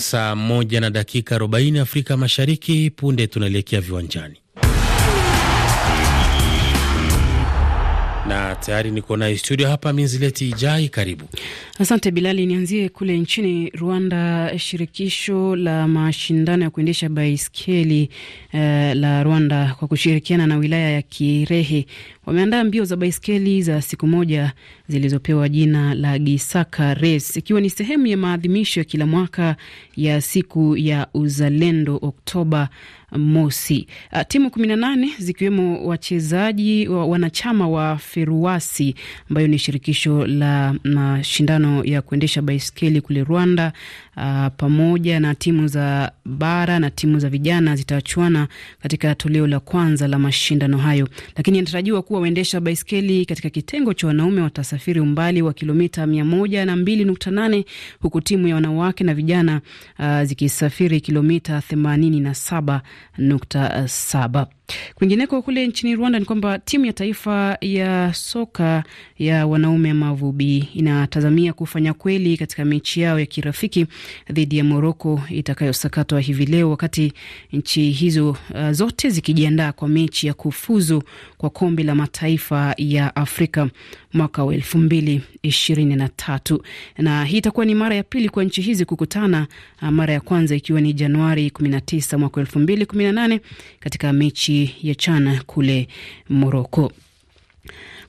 Saa moja na dakika arobaini Afrika Mashariki. Punde tunaelekea viwanjani. na tayari niko naye studio hapa Minzileti Ijai, karibu. Asante Bilali, nianzie kule nchini Rwanda. Shirikisho la mashindano ya kuendesha baiskeli uh, la Rwanda kwa kushirikiana na wilaya ya Kirehe wameandaa mbio za baiskeli za siku moja zilizopewa jina la Gisaka Race, ikiwa ni sehemu ya maadhimisho ya kila mwaka ya siku ya uzalendo Oktoba mosi. Uh, timu kumi na nane zikiwemo wachezaji wanachama wa feruasi ambayo ni shirikisho la mashindano ya kuendesha baiskeli kule Rwanda uh, pamoja na timu za bara na timu za vijana zitachuana katika toleo la kwanza la mashindano hayo, lakini inatarajiwa kuwa waendesha baiskeli katika kitengo cha wanaume watasafiri umbali wa kilomita mia moja na mbili nukta nane huku timu ya wanawake na vijana uh, zikisafiri kilomita themanini na saba nukta saba. Kwingineko kule nchini Rwanda ni kwamba timu ya taifa ya soka ya wanaume Mavubi inatazamia kufanya kweli katika mechi yao ya kirafiki dhidi ya Moroko itakayosakatwa hivi leo, wakati nchi hizo uh, zote zikijiandaa kwa mechi ya kufuzu kwa kombe la mataifa ya Afrika mwaka wa elfu mbili ishirini na tatu na hii itakuwa ni mara ya pili kwa nchi hizi kukutana, ah, mara ya kwanza ikiwa ni Januari kumi na tisa mwaka elfu mbili kumi na nane katika mechi ya chana kule Moroko.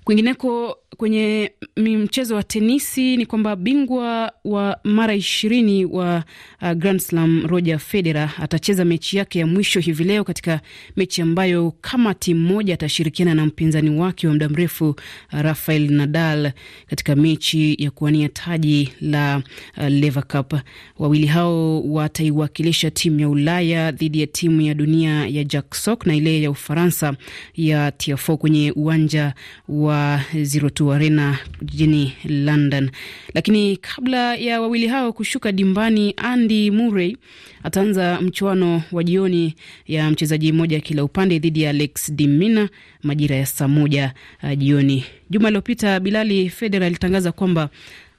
Kwingineko, kwenye mchezo wa tenisi ni kwamba bingwa wa mara ishirini wa uh, Grand Slam Roger Federer atacheza mechi yake ya mwisho hivi leo katika mechi ambayo kama timu moja atashirikiana na mpinzani wake wa muda mrefu uh, Rafael Nadal katika mechi ya kuwania taji la uh, Lever Cup. Wawili hao wataiwakilisha timu ya Ulaya dhidi ya timu ya dunia ya Jack Sock na ile ya Ufaransa ya Tiafoe kwenye uwanja wa Zero o Arena jijini London. Lakini kabla ya wawili hao kushuka dimbani, Andy Murray ataanza mchuano wa jioni ya mchezaji mmoja kila upande dhidi ya Alex Dimina majira ya saa moja uh, jioni. Juma lililopita Bilali Federer alitangaza kwamba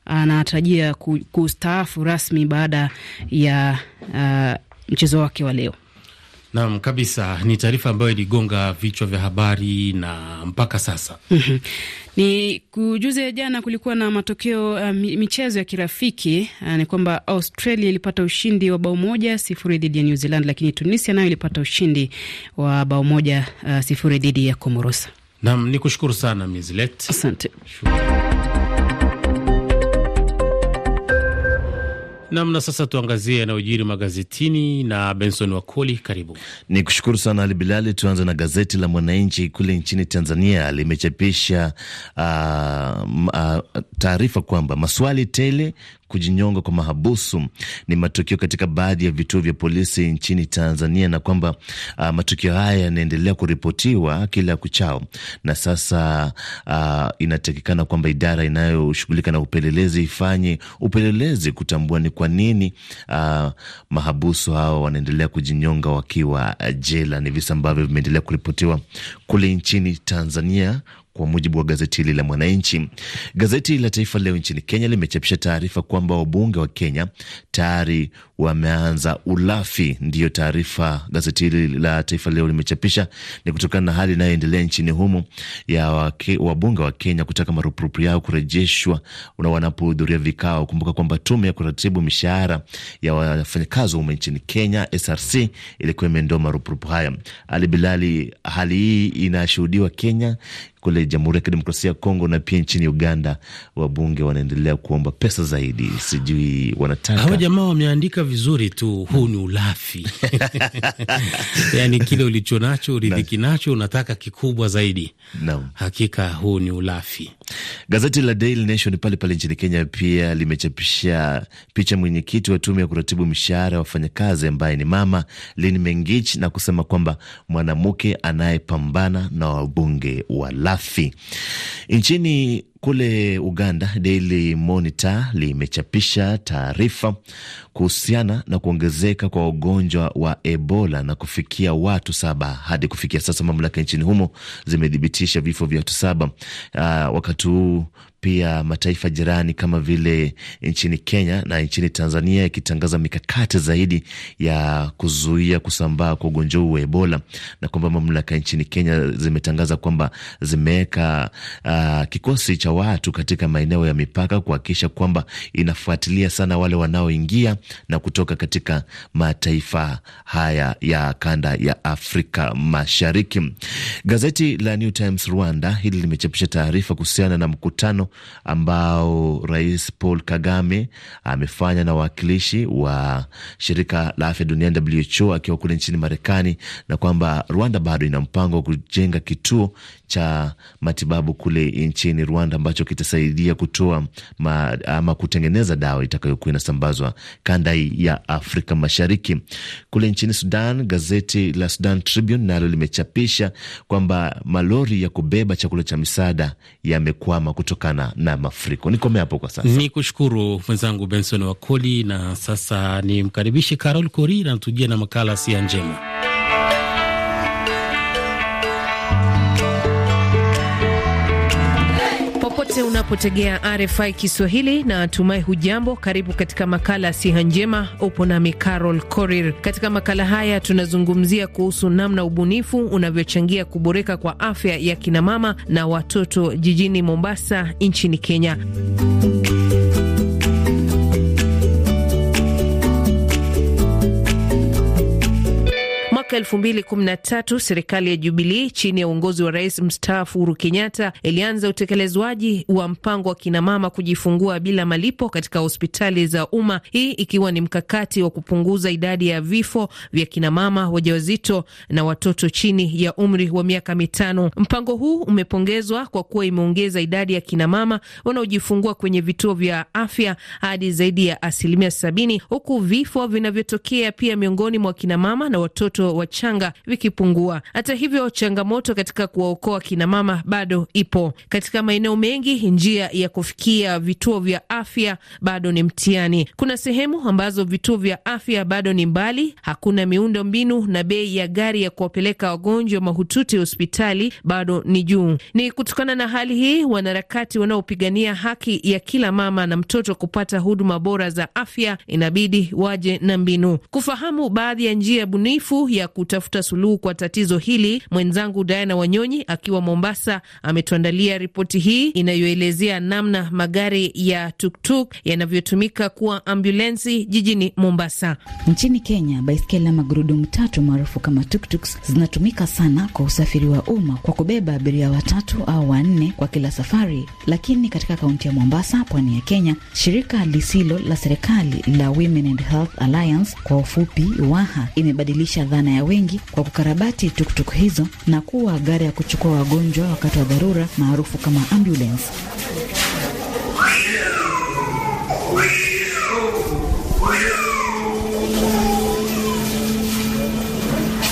anatarajia kustaafu rasmi baada ya uh, mchezo wake wa leo. Naam, kabisa ni taarifa ambayo iligonga vichwa vya habari na mpaka sasa. Mhm. Ni kujuze jana kulikuwa na matokeo uh, michezo ya kirafiki uh, ni kwamba Australia ilipata ushindi wa bao moja sifuri dhidi ya New Zealand, lakini Tunisia nayo ilipata ushindi wa bao moja uh, sifuri dhidi ya Komorosa. Naam, ni kushukuru sana Mizilet. Asante. Shukuru. Namna sasa, tuangazie yanayojiri magazetini na Benson Wakoli, karibu. Ni kushukuru sana Ali Bilali. Tuanze na gazeti la Mwananchi kule nchini Tanzania, limechapisha uh, uh, taarifa kwamba maswali tele kujinyonga kwa mahabusu ni matukio katika baadhi ya vituo vya polisi nchini Tanzania, na kwamba uh, matukio haya yanaendelea kuripotiwa kila kuchao, na sasa uh, inatakikana kwamba idara inayoshughulika na upelelezi ifanye upelelezi kutambua ni kwa nini uh, mahabusu hawa wanaendelea kujinyonga wakiwa jela. Ni visa ambavyo vimeendelea kuripotiwa kule nchini Tanzania kwa mujibu wa gazeti hili la Mwananchi. Gazeti la Taifa Leo nchini Kenya limechapisha taarifa kwamba wabunge wa Kenya tayari wameanza ulafi. Ndiyo taarifa gazeti hili la Taifa Leo limechapisha, ni kutokana na hali inayoendelea nchini humo ya wabunge wa Kenya kutaka marupurupu yao kurejeshwa na wanapohudhuria vikao. Kumbuka kwamba tume ya kuratibu mishahara ya wafanyakazi wa umma nchini Kenya, SRC, ilikuwa imeondoa marupurupu haya. Ali Bilali, hali hii inashuhudiwa Kenya kule Jamhuri ya Kidemokrasia ya Kongo na pia nchini Uganda, wabunge wanaendelea kuomba pesa zaidi, sijui wanataka. jamaa wameandika vizuri tu, huu ni ulafi yani kile ulicho nacho uridhiki nacho, unataka kikubwa zaidi na. Hakika huu ni ulafi. Gazeti la Daily Nation pale pale nchini Kenya pia limechapisha picha mwenyekiti wa tume ya kuratibu mishahara ya wafanyakazi ambaye ni mama Lynn Mengich na kusema kwamba mwanamke anayepambana na wabunge wala la fee. Nchini kule Uganda, Daily Monitor limechapisha taarifa kuhusiana na kuongezeka kwa ugonjwa wa Ebola na kufikia watu saba. Hadi kufikia sasa mamlaka nchini humo zimethibitisha vifo vya watu saba. Uh, wakati huu pia mataifa jirani kama vile nchini Kenya na nchini Tanzania yakitangaza mikakati zaidi ya kuzuia kusambaa kwa ugonjwa huu wa Ebola, na kwamba mamlaka nchini Kenya zimetangaza kwamba zimeweka uh, ah, kikosi cha watu katika maeneo ya mipaka kuhakikisha kwamba inafuatilia sana wale wanaoingia na kutoka katika mataifa haya ya kanda ya Afrika Mashariki. Gazeti la New Times Rwanda hili limechapisha taarifa kuhusiana na mkutano ambao Rais Paul Kagame amefanya na wawakilishi wa shirika la afya duniani WHO akiwa kule nchini Marekani, na kwamba Rwanda bado ina mpango wa kujenga kituo cha matibabu kule nchini Rwanda ambacho kitasaidia kutoa ma, ama kutengeneza dawa itakayokuwa inasambazwa kanda ya Afrika Mashariki. Kule nchini Sudan, gazeti la Sudan Tribune nalo limechapisha kwamba malori ya kubeba chakula cha misaada yamekwama kutokana na mafuriko. Nikome hapo kwa sasa, ni kushukuru mwenzangu Benson Wakoli, na sasa nimkaribishe Carol Kori anatujia na makala Sia Njema. popote unapotegea RFI Kiswahili na tumai hujambo. Karibu katika makala siha njema, upo nami Carol Korir. Katika makala haya tunazungumzia kuhusu namna ubunifu unavyochangia kuboreka kwa afya ya kinamama na watoto jijini Mombasa nchini Kenya. Mwaka elfu mbili kumi na tatu serikali ya Jubilii chini ya uongozi wa rais mstaafu Uhuru Kenyatta ilianza utekelezwaji wa mpango wa kinamama kujifungua bila malipo katika hospitali za umma, hii ikiwa ni mkakati wa kupunguza idadi ya vifo vya kinamama wajawazito na watoto chini ya umri wa miaka mitano. Mpango huu umepongezwa kwa kuwa imeongeza idadi ya kinamama wanaojifungua kwenye vituo vya afya hadi zaidi ya asilimia sabini, huku vifo vinavyotokea pia miongoni mwa kinamama na watoto wachanga vikipungua. Hata hivyo, changamoto katika kuwaokoa kinamama bado ipo. Katika maeneo mengi, njia ya kufikia vituo vya afya bado ni mtihani. Kuna sehemu ambazo vituo vya afya bado ni mbali, hakuna miundo mbinu, na bei ya gari ya kuwapeleka wagonjwa mahututi hospitali bado ni juu. Ni kutokana na hali hii, wanaharakati wanaopigania haki ya kila mama na mtoto kupata huduma bora za afya inabidi waje na mbinu. Kufahamu baadhi ya njia bunifu ya kutafuta suluhu kwa tatizo hili, mwenzangu Diana Wanyonyi akiwa Mombasa ametuandalia ripoti hii inayoelezea namna magari ya tuktuk yanavyotumika kuwa ambulensi jijini Mombasa. Nchini Kenya, baiskeli na magurudumu tatu maarufu kama tuktuks zinatumika sana kwa usafiri wa umma kwa kubeba abiria watatu au wanne kwa kila safari, lakini katika kaunti ya Mombasa, pwani ya Kenya, shirika lisilo la serikali la Women and Health Alliance, kwa ufupi WAHA, imebadilisha dhana ya wengi kwa kukarabati tuktuk hizo na kuwa gari ya kuchukua wagonjwa wakati wa dharura maarufu kama ambulance.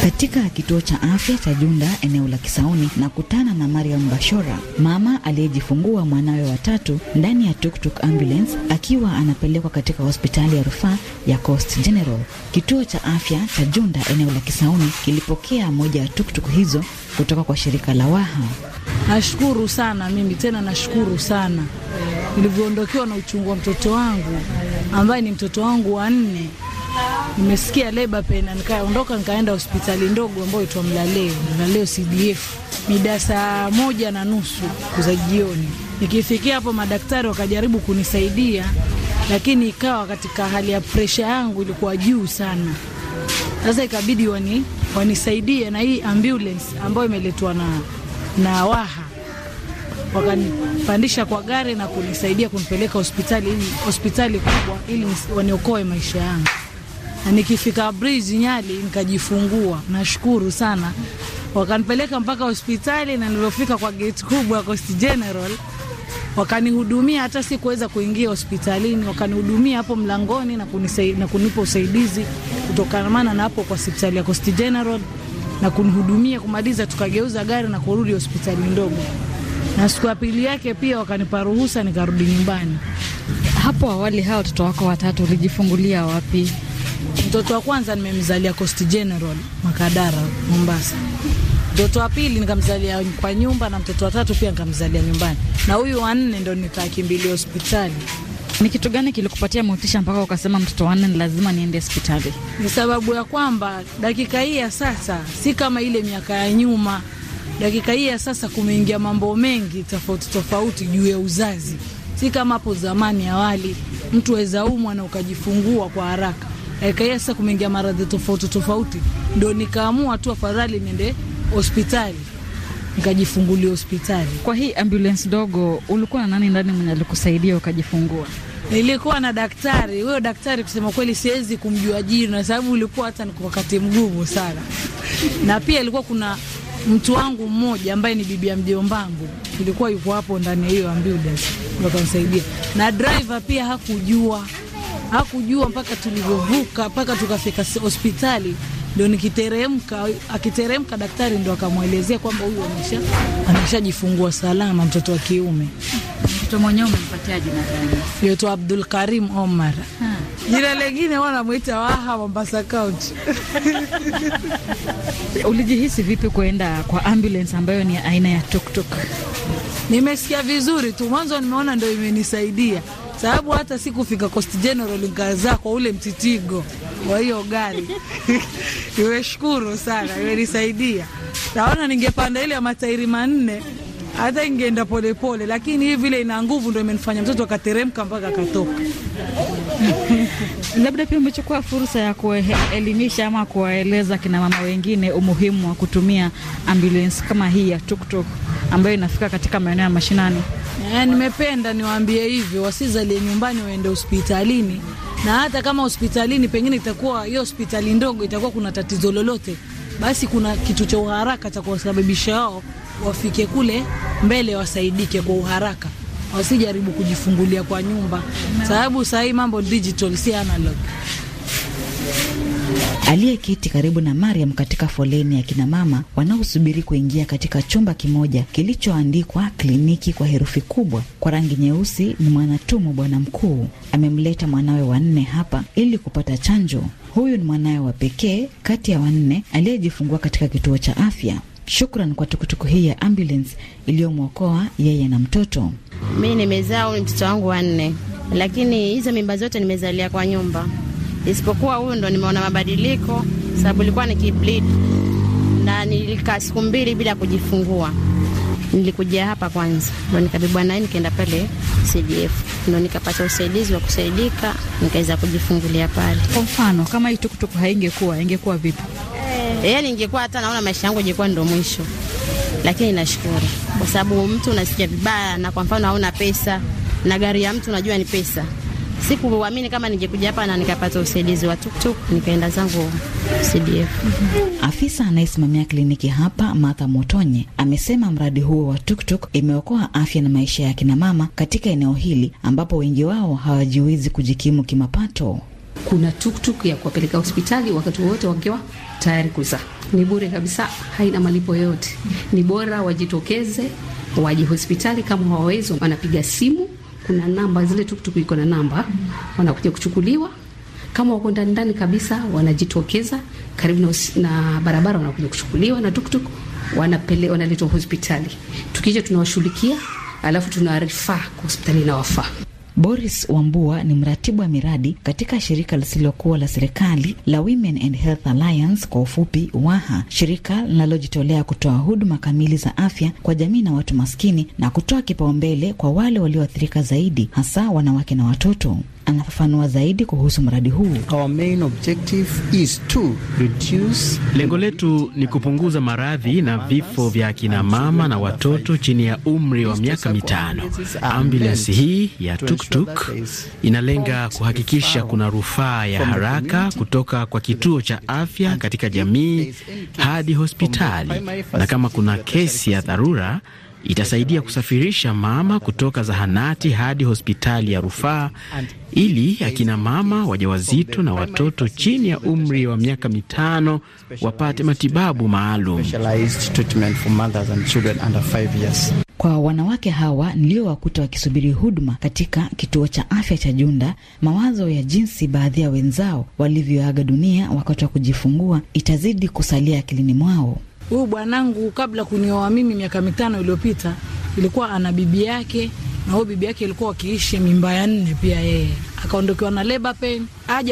Katika kituo cha afya cha Junda eneo la Kisauni na kutana na Mariam Bashora, mama aliyejifungua mwanawe watatu ndani ya tuktuk ambulance akiwa anapelekwa katika hospitali ya rufaa ya Coast General. Kituo cha afya cha Junda eneo la Kisauni kilipokea moja ya tuktuk hizo kutoka kwa shirika la Waha. Nashukuru sana mimi tena, nashukuru sana nilivyoondokewa na uchungu wa mtoto wangu ambaye ni mtoto wangu wa nne nimesikia leba pena, nikaondoka nikaenda hospitali ndogo ambayo itwa Mlaleo, Mlaleo CDF mida saa moja na nusu za jioni. Nikifikia hapo, madaktari wakajaribu kunisaidia, lakini ikawa katika hali ya presha yangu ilikuwa juu sana. Sasa ikabidi wani, wanisaidie na hii ambulance ambayo imeletwa na, na Waha wakanipandisha kwa gari na kunisaidia kunipeleka hospitali, hospitali kubwa ili waniokoe maisha yangu na nikifika Bridge Nyali nikajifungua. Nashukuru sana, wakanipeleka mpaka hospitali, na nilivyofika kwa gate kubwa ya Coast General wakanihudumia. Hata sikuweza kuingia hospitalini, wakanihudumia hapo mlangoni na, kunisai, na kunipa usaidizi kutokamana na hapo kwa hospitali ya Coast General na kunihudumia kumaliza, tukageuza gari na kurudi hospitali ndogo, na siku ya pili yake pia wakanipa ruhusa nikarudi nyumbani. Hapo awali hao watoto wako watatu ulijifungulia wapi? Mtoto wa kwanza nimemzalia Coast General Makadara, Mombasa. Mtoto wa pili nikamzalia kwa nyumba, na mtoto wa tatu pia nikamzalia nyumbani, na huyu wa nne ndo nikakimbilia hospitali. Ni kitu gani kilikupatia motisha mpaka ukasema mtoto nne ni lazima niende hospitali? Ni sababu ya kwamba dakika hii ya sasa si kama ile miaka ya nyuma. Dakika hii ya sasa kumeingia mambo mengi tofauti tofauti juu ya uzazi, si kama hapo zamani. Awali mtu aweza umwa na ukajifungua kwa haraka, Ikaia eh, sasa kumeingia maradhi tofauti tofauti, ndo nikaamua tu afadhali niende hospitali nikajifungulia hospitali. Kwa hii ambulance dogo, ulikuwa na nani ndani mwenye alikusaidia ukajifungua? Nilikuwa na daktari. Huyo daktari kusema kweli siwezi kumjua jina, kwa sababu ulikuwa hata ni wakati mgumu sana, na pia ilikuwa kuna mtu wangu mmoja ambaye ni bibi ya mjombangu ilikuwa yuko hapo ndani ya hiyo ambulance, ndo na driver pia hakujua hakujua mpaka tulivyovuka mpaka tukafika hospitali ndio nikiteremka, akiteremka daktari ndo akamwelezea kwamba huyu amesha ameshajifungua salama, mtoto wa kiume. Mtoto mwenyewe umempatia jina gani? Yoto Abdul Karim Omar. Jina lengine lingine namwita Waha Mombasa County. Ulijihisi vipi kuenda kwa ambulance ambayo ni aina ya tuktuk? Nimesikia vizuri tu, mwanzo nimeona ndo imenisaidia sababu hata sikufika Coast General nikazaa kwa ule mtitigo wa hiyo gari iweshukuru sana imenisaidia. Naona ningepanda ile ya matairi manne hata ingeenda polepole, lakini hii vile ina nguvu ndo imenifanya mtoto akateremka mpaka akatoka. Labda pia umechukua fursa ya kuelimisha ama kuwaeleza kina mama wengine umuhimu wa kutumia ambulensi kama hii ya tuktuk ambayo inafika katika maeneo ya mashinani. E, nimependa niwaambie hivyo, wasizalie nyumbani, waende hospitalini, na hata kama hospitalini pengine itakuwa hiyo hospitali ndogo, itakuwa kuna tatizo lolote, basi kuna kitu cha uharaka cha kuwasababisha wao wafike kule mbele, wasaidike kwa uharaka, wasijaribu kujifungulia kwa nyumba, sababu saa hii mambo digital, si analog. Aliyeketi karibu na Mariam katika foleni ya kinamama wanaosubiri kuingia katika chumba kimoja kilichoandikwa kliniki kwa herufi kubwa kwa rangi nyeusi ni Mwanatumu Bwana Mkuu. Amemleta mwanawe wanne hapa ili kupata chanjo. Huyu ni mwanawe wa pekee kati ya wanne aliyejifungua katika kituo cha afya. Shukran kwa tukutuku hii ya ambulance iliyomwokoa yeye na mtoto. Mi nimezaa huyu mtoto wangu wanne, lakini hizo mimba zote nimezalia kwa nyumba, isipokuwa huyu ndo nimeona mabadiliko, sababu ilikuwa kibleed na nilikaa siku mbili bila kujifungua. Nilikuja hapa kwanza, ndo nikabibwa naye nikaenda pale CGF, ndo nikapata usaidizi wa kusaidika, nikaweza kujifungulia pale. Kwa mfano kama hii tukutuku haingekuwa, ingekuwa vipi? Eh, yani ningekuwa hata naona maisha yangu ingekuwa ndo mwisho, lakini nashukuru kwa sababu mtu unasikia vibaya, na kwa mfano hauna pesa na gari ya mtu unajua ni pesa. Sikuamini kama ningekuja hapa na nikapata usaidizi wa tuktuk nikaenda zangu CDF. Afisa anayesimamia kliniki hapa Martha Motonye amesema mradi huo wa tuktuk imeokoa afya na maisha ya kina mama katika eneo hili ambapo wengi wao hawajiwezi kujikimu kimapato. Kuna tuktuk ya kuwapeleka hospitali wakati wowote wakiwa tayari kuzaa. Ni bure kabisa, haina malipo yoyote. Ni bora wajitokeze, waje hospitali. Kama hawawezi, wanapiga simu, kuna namba zile, tuktuk iko na namba, wanakuja kuchukuliwa kama wako ndani ndani kabisa, wanajitokeza karibu na, barabara, wanakuja kuchukuliwa na tuktuk, wanapele wanaletwa hospitali. Tukija tunawashughulikia, alafu tunawarifaa kwa hospitali inawafaa. Boris Wambua ni mratibu wa miradi katika shirika lisilokuwa la serikali la Women and Health Alliance, kwa ufupi WAHA, shirika linalojitolea kutoa huduma kamili za afya kwa jamii na watu maskini na kutoa kipaumbele kwa wale walioathirika zaidi, hasa wanawake na watoto anafafanua zaidi kuhusu mradi huu. Our main objective is to reduce... lengo letu ni kupunguza maradhi na vifo vya akinamama na watoto chini ya umri wa miaka mitano. Ambulansi hii ya tuktuk inalenga kuhakikisha kuna rufaa ya haraka kutoka kwa kituo cha afya katika jamii hadi hospitali, na kama kuna kesi ya dharura itasaidia kusafirisha mama kutoka zahanati hadi hospitali ya rufaa ili akina mama wajawazito na watoto chini ya umri wa miaka mitano wapate matibabu maalum. Kwa wanawake hawa niliowakuta wakisubiri huduma katika kituo cha afya cha Junda, mawazo ya jinsi baadhi ya wenzao walivyoaga dunia wakati wa kujifungua itazidi kusalia akilini mwao. Huyu bwanangu kabla kunioa mimi miaka mitano iliyopita ilikuwa ana bibi yake, na huyo bibi yake alikuwa wakiishi mimba ya nne pia yeye akaondokewa na labor pain,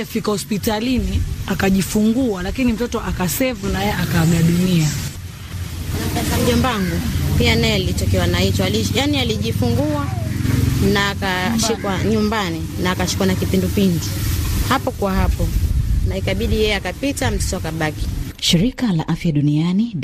fika hospitalini akajifungua, lakini mtoto akasevu naye akaaga dunia. Mjombangu pia naye alitokewa na hicho, yani alijifungua na akashikwa nyumbani na akashikwa na kipindupindu hapo kwa hapo, na ikabidi yeye akapita, mtoto akabaki. Shirika la Afya Duniani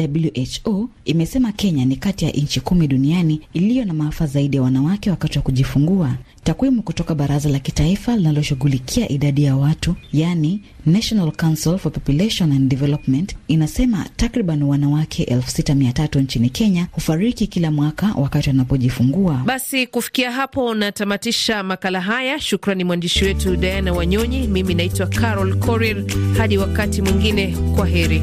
WHO imesema Kenya ni kati ya nchi kumi duniani iliyo na maafa zaidi ya wanawake wakati wa kujifungua Takwimu kutoka baraza la kitaifa linaloshughulikia idadi ya watu, yani National Council for Population and Development, inasema takriban wanawake elfu sita mia tatu nchini Kenya hufariki kila mwaka wakati wanapojifungua. Basi kufikia hapo natamatisha makala haya. Shukrani mwandishi wetu Diana Wanyonyi. Mimi naitwa Carol Korir. Hadi wakati mwingine, kwa heri.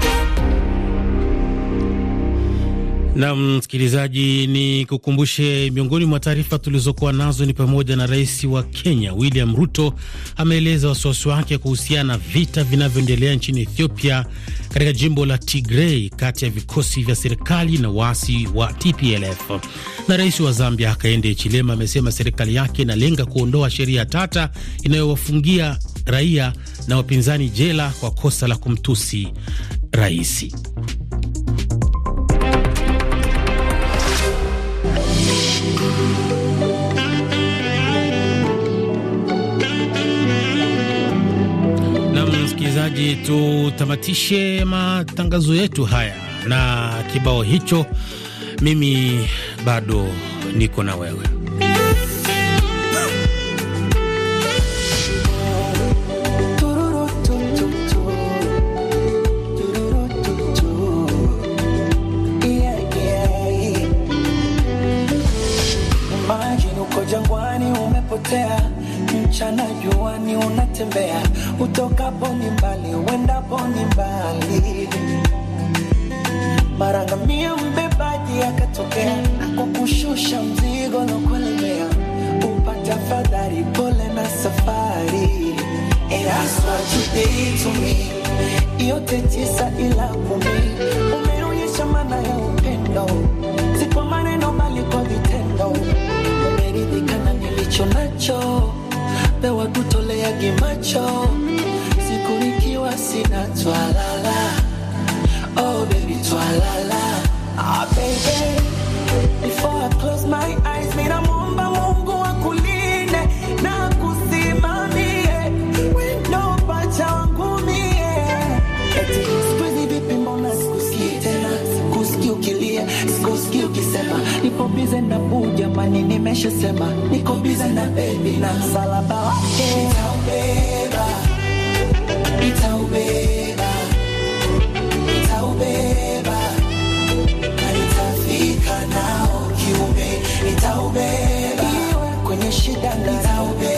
Na msikilizaji, ni kukumbushe miongoni mwa taarifa tulizokuwa nazo ni pamoja na rais wa Kenya William Ruto ameeleza wasiwasi wake kuhusiana na vita vinavyoendelea nchini Ethiopia katika jimbo la tigrei kati ya vikosi vya serikali na waasi wa TPLF. Na rais wa Zambia Hakainde Hichilema amesema serikali yake inalenga kuondoa sheria tata inayowafungia raia na wapinzani jela kwa kosa la kumtusi raisi. Msikilizaji, tutamatishe matangazo yetu haya na kibao hicho. Mimi bado niko na wewe. kupotea, mchana ni unatembea, utokapo ni mbali, uendapo ni mbali. Mara ngamia mbebaji akatokea, akukushusha mzigo na kuelemea, upata fadhari, pole na safari. Yote tisa ila kumi, umeonyesha maana ya upendo, sipo maneno bali kwa vitendo nilicho nacho pewa kutoleagi macho siku nikiwa sina twalala. Oh baby twalala. Ah, baby, before I close my eyes, bize na buu jamani, nimeshasema niko bize na baby na msalaba wake itaubeba, itaubeba, itaubeba na itafika nao kiume, itaubeba iwe kwenye shida na itaubeba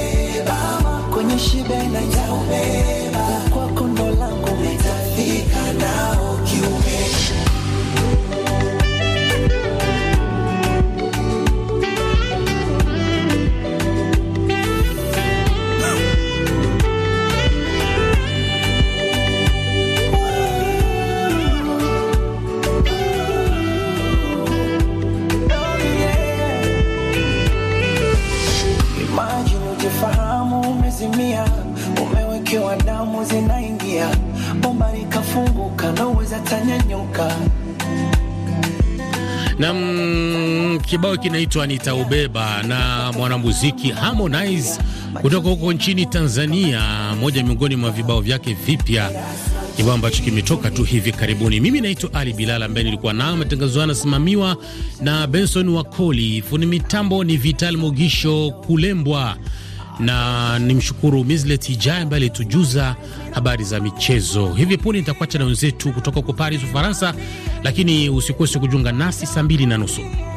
nam na kibao kinaitwa Nitaubeba na mwanamuziki Harmonize kutoka huko nchini Tanzania, moja miongoni mwa vibao vyake vipya, kibao ambacho kimetoka tu hivi karibuni. Mimi naitwa Ali Bilal, ambaye nilikuwa nao. Matangazo hayo na Benson Wakoli, fundi mitambo ni Vital mogisho Kulembwa na nimshukuru Mislet Ijai ambaye alitujuza habari za michezo. Hivi punde nitakuacha na wenzetu kutoka huko Paris, Ufaransa, lakini usikose kujiunga nasi saa mbili na nusu.